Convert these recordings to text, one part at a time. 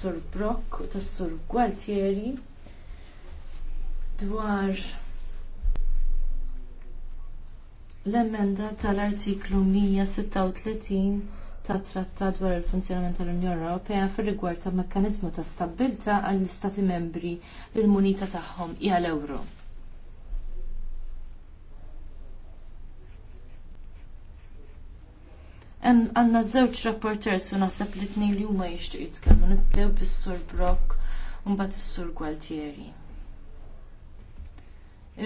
tas-Sur Brock u tas-Sur Gualtieri dwar l-emenda tal-artiklu 136 tat trattat dwar il-funzjonament tal-Unjoni Ewropea fir-rigward ta' mekkaniżmu ta' stabbiltà għall-istati membri li l-munita tagħhom hija l-ewro. Għanna żewġ rapporters u naħseb li t-nej li huma jixtieq jitkellmu nibdew bis-sur Brock u mbagħad is-sur Gualtieri.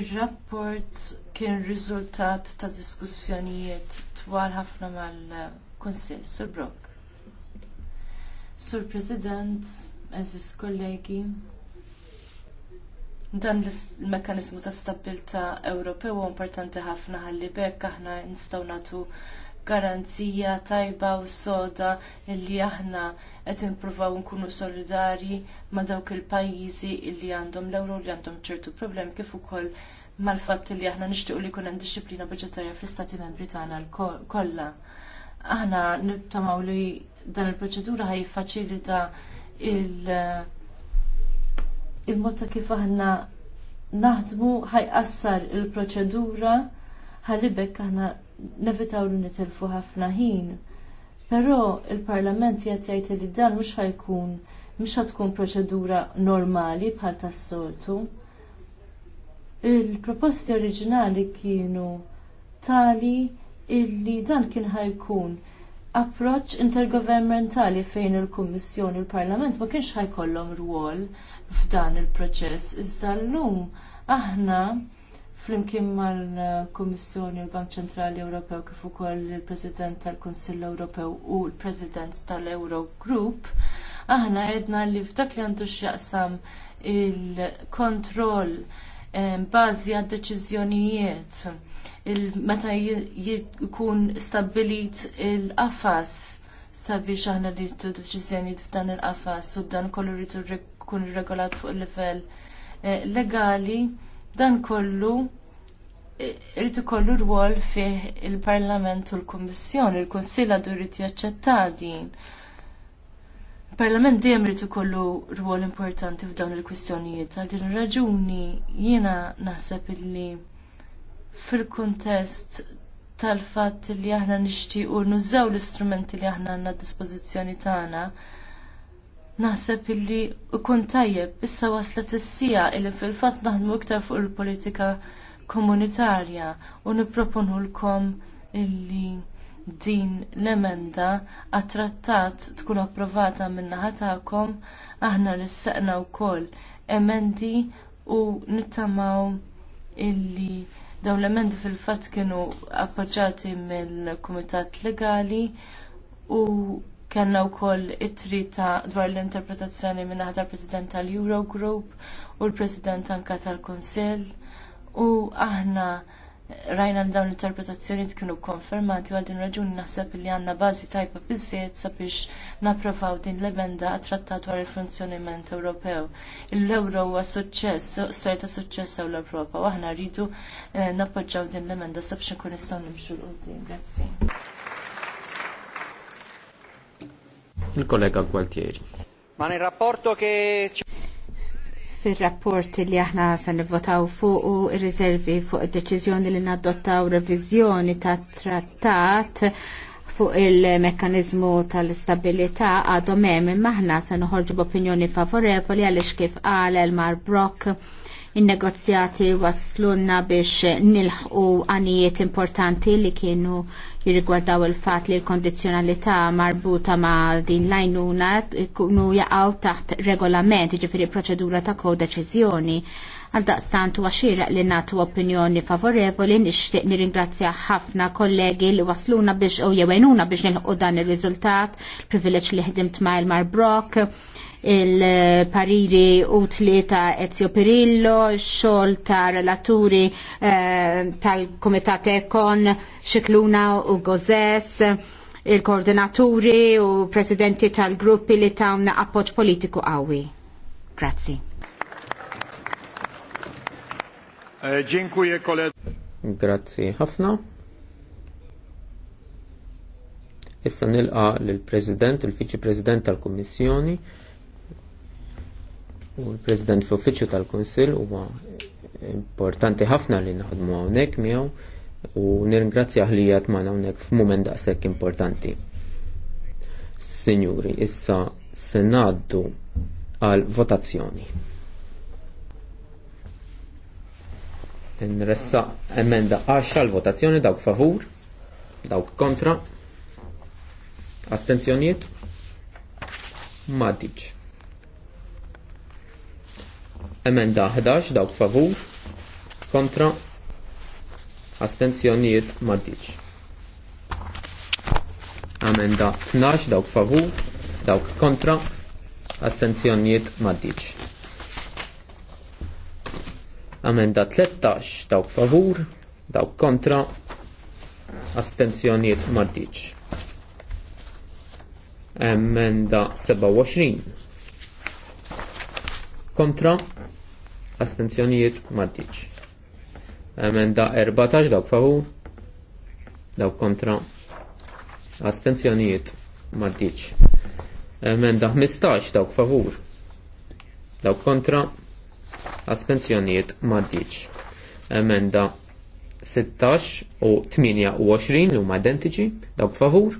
Ir-rapport kien riżultat ta' diskussjonijiet twal ħafna mal-Kunsill Sur Brock. Sur President, eżis kollegi, dan l-mekanizmu ta' stabilta Ewropew importanti ħafna ħalli bekk aħna nistgħu nagħtu garanzija tajba u soda illi aħna qed nippruvaw nkunu solidari ma' dawk il-pajjiżi illi għandhom l-ewro li għandhom ċertu problemi kif ukoll mal-fatt li aħna nixtiequ li jkun hemm dixxilpina budġetarja fl-istati membri tagħna kollha. Aħna nittamaw li dan il-proċedura ħajfaċilita il- il-mod ta' kif aħna naħdmu ħajqassar il-proċedura il proċedura ħarribek aħna nevitaw li nitilfu ħafna ħin. Però il-Parlament jgħat jgħid li dan mhux ħajkun mux ħatkun proċedura normali bħal tas-soltu. Il-proposti oriġinali kienu tali illi dan kien ħajkun approċ intergovernmentali fejn il-Kummissjoni u l parlament ma kienx ħajkollhom rwol f'dan il-proċess. Iżda llum aħna flimkien mal-Kummissjoni u l-Bank Ċentrali Ewropew kif ukoll il-President tal-Kunsill Ewropew u l-President tal-Eurogroup, aħna għedna li f'dak li għandu x'jaqsam il-kontroll eh, bazi għad deċiżjonijiet meta jkun stabilit il-qafas sabiex aħna li deċiżjonijiet f'dan il-qafas u dan kollu rridu kun irregolat fuq il livell eh, legali Dan kollu irrid ikollu rwol fih il-Parlament u l-Kummissjoni, il-Kunsill għadu jrid jaċċetta din. Il-Parlament dejjem irid ikollu rwol importanti f'dawn il-kwistjonijiet. Għal din ir-raġuni jiena naħseb illi fil-kuntest tal-fatt li aħna nixtiequ nużaw l-istrumenti li aħna għandna d-dispożizzjoni tagħna naħseb illi ikun tajjeb issa waslet is-sija illi fil-fatt naħdmu iktar fuq il-politika komunitarja u nipproponulkom illi din l-emenda għat-trattat tkun approvata min-naħa tagħkom aħna rissaqna wkoll emendi u nittamaw illi dawn l-emendi fil fatt kienu appoġġjati mill-Kumitat Legali u Kellna wkoll it-trita dwar l-interpretazzjoni minn tal President tal-Eurogroup u l-President anka tal-Kunsill u aħna rajna li dawn l-interpretazzjoni kienu konfermati għal din raġuni naħseb li għandna bażi tajba biżżejjed sabiex napprovaw din l-emenda għat-trattat dwar il-funzjoniment Ewropew. L-Ewro huwa suċċess, storja ta' suċċess għaw l-Ewropa u aħna rridu eh, nappoġġaw din l-emenda sabiex nkun nistgħu nimxu l qoddim Grazzi il-kollega Gualtieri. Ma nel rapporto che fil-rapport li aħna se nivvotaw fuq u riservi fuq deċiżjoni li nadottaw reviżjoni ta' trattat fuq il-mekkanizmu tal-istabilità għadhom hemm imma aħna se noħorġu b'opinjoni favorevoli għaliex kif qal Elmar Brock In-negozjati waslunna biex nilħqu għanijiet importanti li kienu jirrigwardaw il-fat li l-kondizjonalità marbuta ma' din lajnuna kunu jaqaw taħt regolament, ġifiri proċedura ta' kodeċizjoni Għal daqstant huwa xieraq li nagħtu opinjoni favorevoli nixtieq nirringrazzja ħafna kollegi li wasluna biex u jewenuna biex nilħu dan ir-riżultat, privileġġ li ħdimt ma' il-Mar Brock, il-pariri utli ta' Ezio Pirillo, xol ta' relaturi eh, tal-Komitat Ekon, Xikluna u Gozes, il-koordinaturi u presidenti tal-gruppi li ta' appoġġ politiku qawwi. Grazzi. E, dziękuję Grazzi ħafna. Issa nilqa l-President, il-Viċi President il fiċi president tal kommissjoni u l-President fl-Uffiċċju tal-Kunsill huwa importanti ħafna li naħdmu hawnhekk miegħu u nirringrazzja li jgħat ma hawnhekk f'mument daqshekk importanti. Sinjuri, issa se ngħaddu għal votazzjoni. Nressa emenda għaxa l-votazzjoni dawk favur, dawk kontra, astenzjoniet, maddiċ. Emenda 11 dawk favur, kontra, astenzjoniet, maddiċ. Emenda 12 dawk favur, dawk kontra, astenzjoniet, maddiċ Amenda 13 dawk favur, dawk kontra, astenzjoniet maddiċ. Emenda 27. Kontra, astenzjoniet maddiċ. Emenda 14 dawk favur, dawk kontra, astenzjoniet maddiċ. Emenda 15 dawk favur, dawk kontra, astenzjonijiet maddiċ. Emenda 16 u 28 huma identiċi, dawk favur,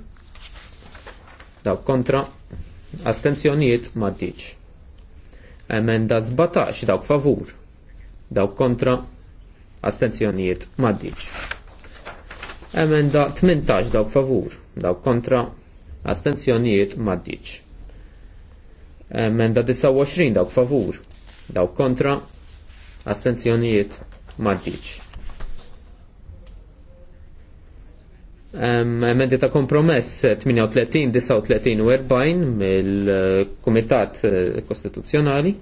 dawk kontra, astenzjonijiet maddiċ. Emenda 17 dawk favur, dawk kontra, astenzjonijiet maddiċ. Emenda 18 dawk favur, dawk kontra, astenzjonijiet maddiċ. Emenda 29 dawk favur, daw kontra, astenzjonijiet maddiċ. Emendi ta' kompromess 38, 39 40 mill-Kumitat eh, Kostituzzjonali.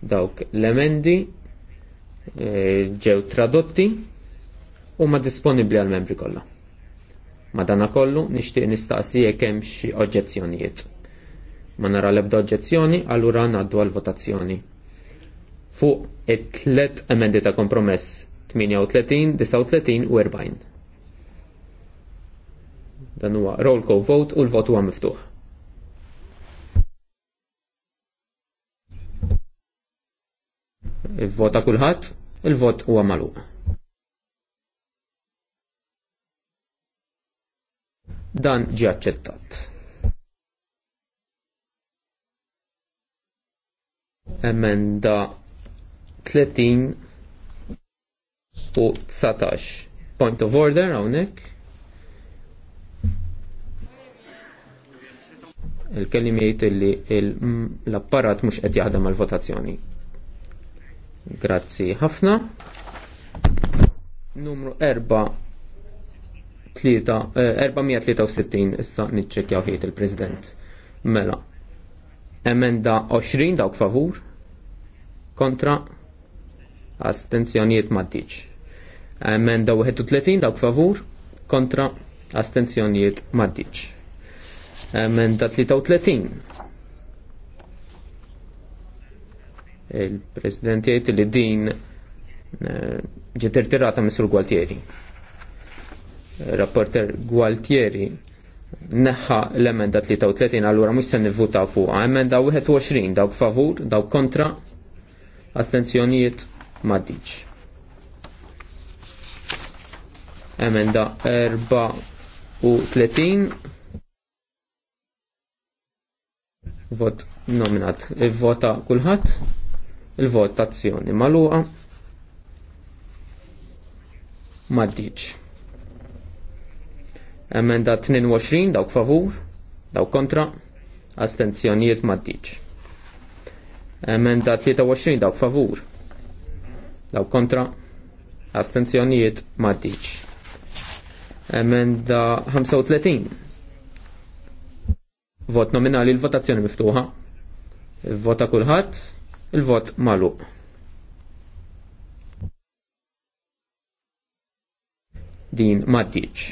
Dawk l-emendi eh, ġew tradotti u ma disponibli għal-membri kollha. dana kollu nixtieq nistaqsi jekk hemm xi oġġezzjonijiet ma nara l-ebda oġġezzjoni, allura ngħaddu għal votazzjoni. Fuq it-tlet emendi ta' kompromess 38, 39 u 40. Dan huwa roll call vote u l-vot huwa miftuħ. Il-vota kulħadd, il-vot huwa magħluq. Dan ġie aċċettat. emenda 30 u 19. Point of order hawnhekk. Il-kellim jgħid li l-apparat mhux qed jaħdem għal votazzjoni Grazzi ħafna. Numru 4 463 eh, issa nitċekjaw ħejt il-President. Mela. Emenda 20 dawk favur kontra astenzjonijiet maddiċ. Emenda 31 dawk favur kontra astenzjonijiet maddiċ. Emenda 33 il-President jgħid li din eh, ġiet irtirata Mr. Gualtieri. Rapporter Gualtieri neħħa l-emenda 33 allura mhux se nivvutaw fuqha, emenda 21 dawk favur, dawk kontra, astenzjonijiet maddiċ. Emenda 34 vot nominat il-vota kulħadd il-votazzjoni maluqa maddiċ. Emenda 22 dawk favur, dawk kontra, astenzjonijiet maddiċ. Emenda 23 dawk favur. Dawk kontra. Astenzjonijiet maddiċ. Emenda 35. Vot nominali l-votazzjoni miftuħa. Il-vota kulħadd, il-vot magħluq. Din maddiċ.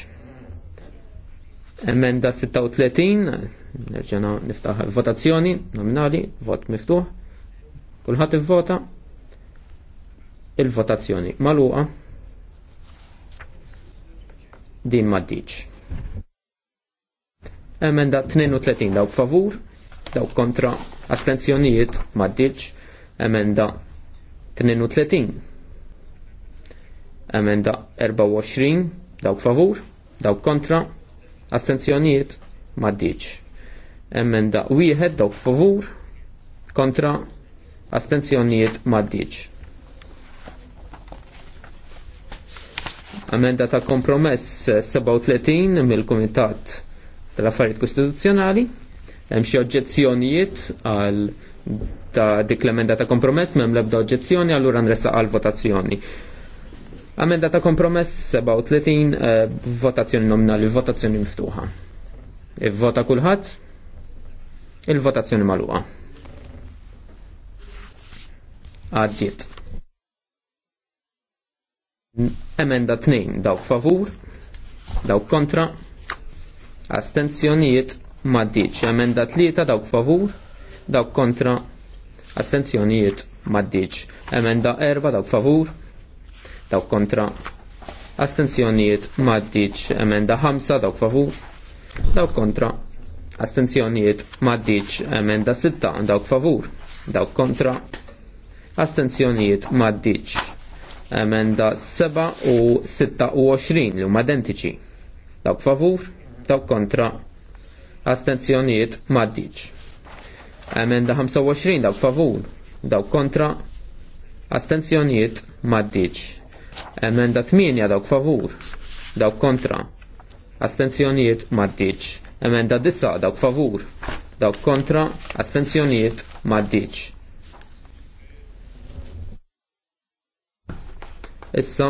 Emenda 36, nerġena niftaħ votazzjoni nominali, vot miftuħ. Kulħadd ivvota il-votazzjoni magħluqa din maddiċ. Emenda 32 dawk favur, dawk kontra astenzjonijiet maddiċ. Emenda 32. Emenda 24 dawk favur, dawk kontra astenzjonijiet maddiċ. Emenda wieħed dawk favur, kontra astenzjonijiet maddiċ. Amenda ta' kompromess 37 mill-Kumitat tal-Affarijiet Kostituzzjonali. Hemm xi oġġezzjonijiet għal ta' dik l-emenda ta' kompromess m'hemm l-ebda oġġezzjoni allura nressaq għal votazzjoni. Amenda ta' kompromess 37 eh, votazzjoni nominali, votazzjoni miftuħa. Ivvota kulħadd, il-votazzjoni maluqa għaddiet. Emenda 2 dawk favur, dawk kontra, astenzjonijiet maddiċ. Emenda 3 dawk favur, dawk kontra, astenzjonijiet maddiċ. Emenda 4 dawk favur, dawk kontra, astenzjonijiet maddiċ. Emenda 5 dawk favur, dawk kontra, astenzjonijiet maddiċ. Emenda 6 dawk favur, dawk kontra, astenzjonijiet maddiċ. Emenda 7 u 26 li huma identiċi. Dawk favur, dawk kontra, astenzjonijiet maddiċ. Emenda 25 dawk favur, dawk kontra, astenzjonijiet maddiċ. Emenda 8 dawk favur, dawk kontra, astenzjonijiet maddiċ. Emenda 9 dawk favur, dawk kontra, astenzjonijiet maddiċ Issa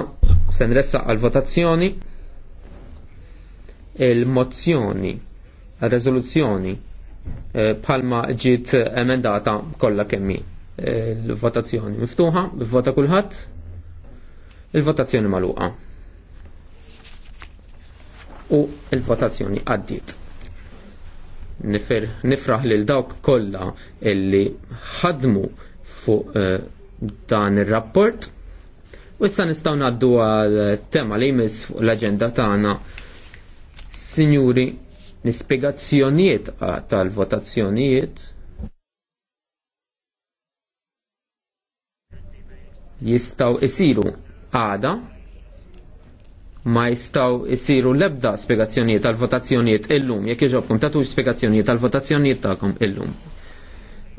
se nressaq għal votazzjoni il-mozzjoni rezoluzzjoni eh, palma ġiet emendata kollha kemmi il-votazzjoni eh, miftuħa, vota kulħadd, il-votazzjoni magħluqa. U il-votazzjoni Nifir Nifraħ lil dawk kollha illi ħadmu fuq eh, dan ir-rapport U issa nistgħu naddu għal tema li jmiss fuq l-aġenda tagħna. Sinjuri, l tal-votazzjonijiet jistgħu isiru għada ma jistgħu isiru l-ebda tal-votazzjonijiet illum, jekk iġobkom tatux spiegazzjonijiet tal-votazzjonijiet tagħkom illum.